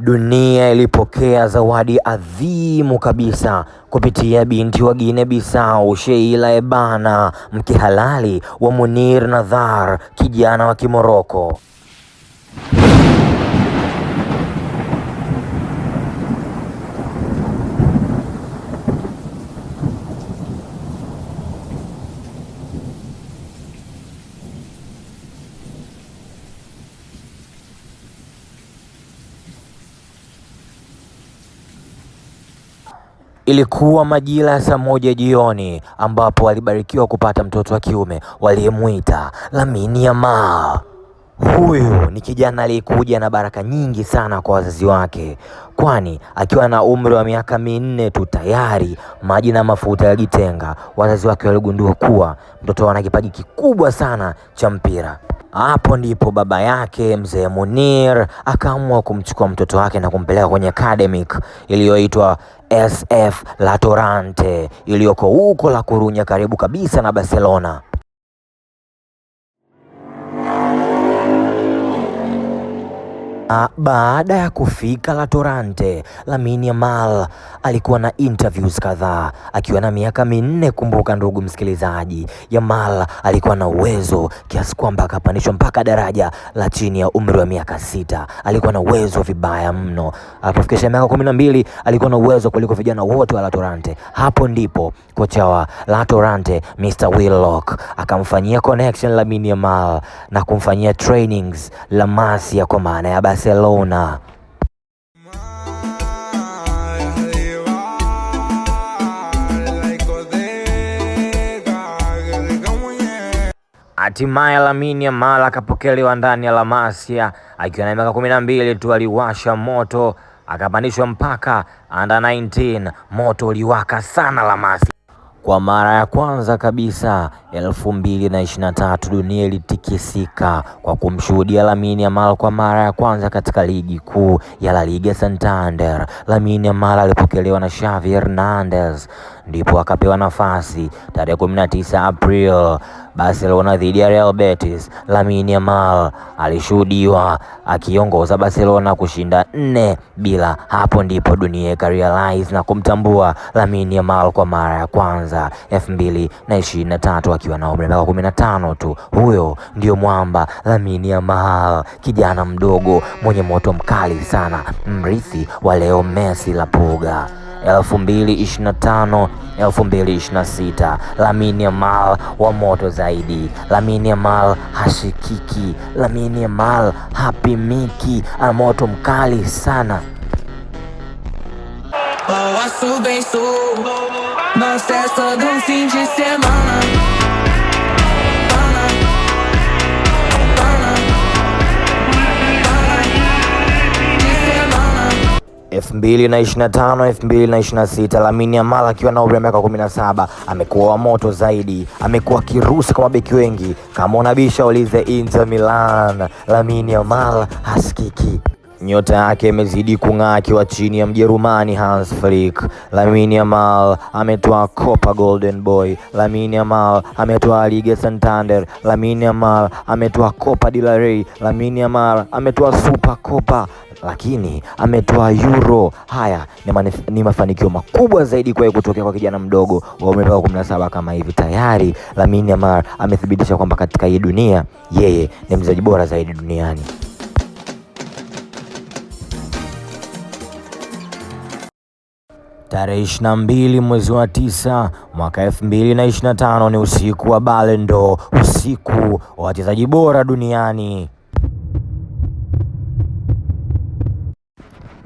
Dunia ilipokea zawadi adhimu kabisa kupitia binti wa Guinea Bissau Sheila Ebana, mke halali wa Munir Nadhar, kijana wa Kimoroko. Ilikuwa majira ya saa moja jioni ambapo walibarikiwa kupata mtoto wa kiume waliyemwita Lamine Yamal. Huyu ni kijana aliyekuja na baraka nyingi sana kwa wazazi wake, kwani akiwa na umri wa miaka minne tu tayari maji na mafuta yajitenga, wazazi wake waligundua kuwa mtoto ana kipaji kikubwa sana cha mpira. Hapo ndipo baba yake mzee Munir akaamua kumchukua mtoto wake na kumpeleka kwenye academic iliyoitwa SF La torante iliyoko huko La Corunya karibu kabisa na Barcelona. Ah, baada ya kufika La Torrente, Lamine Yamal alikuwa na interviews kadhaa akiwa na miaka minne. Kumbuka ndugu msikilizaji, Yamal alikuwa na uwezo kiasi kwamba akapandishwa mpaka daraja la chini ya umri wa miaka sita. Alikuwa na uwezo vibaya mno, alipofikisha miaka kumi na mbili alikuwa na uwezo kuliko vijana wote wa La Torante. Hapo ndipo kocha wa La Torante Mr Willock akamfanyia connection Lamine Yamal na kumfanyia trainings La Masia kwa maana ya Barcelona. Hatimaye Lamine Yamal akapokelewa ndani ya La Masia akiwa na miaka kumi na mbili tu, aliwasha moto akapandishwa mpaka under 19. Moto uliwaka sana La Masia. Kwa mara ya kwanza kabisa tatu dunia ilitikisika kwa kumshuhudia Lamine Yamal kwa mara ya kwanza katika ligi kuu ya La Liga Santander. Lamine Yamal alipokelewa na Xavi Hernandez ndipo akapewa nafasi tarehe 19 April Barcelona dhidi ya Real Betis. Lamine Yamal alishuhudiwa akiongoza Barcelona kushinda nne bila. Hapo ndipo dunia ikarealize na kumtambua Lamine Yamal kwa mara ya kwanza 2023 akiwa na umri wa miaka 15 tu. Huyo ndio mwamba Lamine Yamal, kijana mdogo mwenye moto mkali sana, mrithi wa Leo Messi la Puga. 2025 2026. Lamine Yamal wa moto zaidi. Lamine Yamal hashikiki. Lamine Yamal hapimiki, ana moto mkali sana. Mawasubeisu, mauseso do um fim de semana 2025 2026 Lamine Yamal akiwa na umri wa miaka 17 amekuwa wa moto zaidi, amekuwa kirusi kwa mabeki wengi. Kama unabisha ulize Inter Milan, Lamine Yamal hasikiki. Nyota yake imezidi kung'aa akiwa chini ya Mjerumani Hans Flick. Lamine Yamal ametoa Copa Golden Boy. Lamine Yamal ametoa Liga Santander. Lamine Yamal ametoa Copa del Rey. Lamine Yamal ametoa Super Copa lakini ametoa Euro. Haya ni, manif, ni mafanikio makubwa zaidi kwa kutokea kwa kijana mdogo wa umri wa 17 kama hivi. Tayari Lamine Yamal amethibitisha kwamba katika hii dunia yeye ni mchezaji bora zaidi duniani. Tarehe 22 mwezi wa tisa mwaka 2025 ni usiku wa Ballon d'Or, usiku wa wachezaji bora duniani.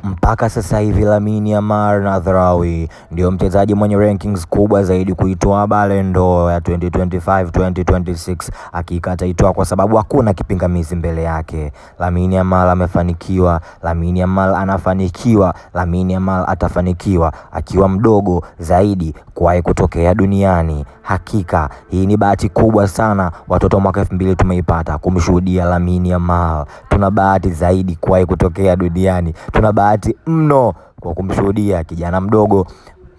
Mpaka sasa hivi Lamine Yamal Nadhraoui ndio mchezaji mwenye rankings kubwa zaidi kuitoa Ballon d'Or ya 2025 2026, hakika ataitoa kwa sababu hakuna kipingamizi mbele yake. Lamine Yamal amefanikiwa, Lamine Yamal anafanikiwa, Lamine Yamal atafanikiwa akiwa mdogo zaidi kuwahi kutokea duniani. Hakika hii ni bahati kubwa sana, watoto mwaka 2000 tumeipata kumshuhudia Lamine Yamal. Tuna bahati zaidi kuwahi kutokea duniani, tuna bahati bahati mno kwa kumshuhudia kijana mdogo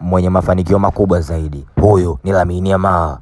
mwenye mafanikio makubwa zaidi. Huyu ni Lamine Yamal.